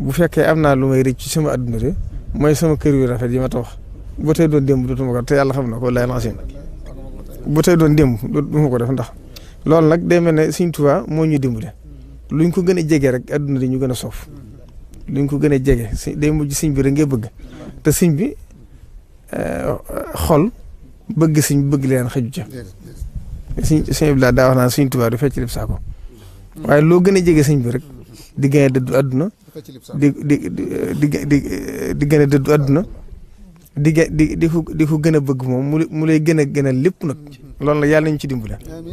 bu fekkee am naa lu may rëcc ci sama adduna de mooy sama kër yu rafet yi ma tabax bu tey doon démb dootuma ko te yàlla xam na ko lay lancé bu tey doon démb dootuma ko def ndax loolu nag day mel ne Sëriñ Tuubaa moo ñu lu luñ ko gën a jege rek adduna di ñu gën a soof luñ ko gën a jege si day mujj siñ bi rek nga bëgg te siñ bi eh, xol bëgg sëriñ bëgg leen xëju ca sëriñ bi daa wax naan Sëriñ tubaa du fecc lépp saako waaye loo gën a jege sëriñ bi rek di gën a di di di di di gën a dëddu àdduna di di di ko di ko gën a bëgg moom mu lay gën a gënal lépp nag mm-hmm. loolu la yàlla nañu ci dimbale.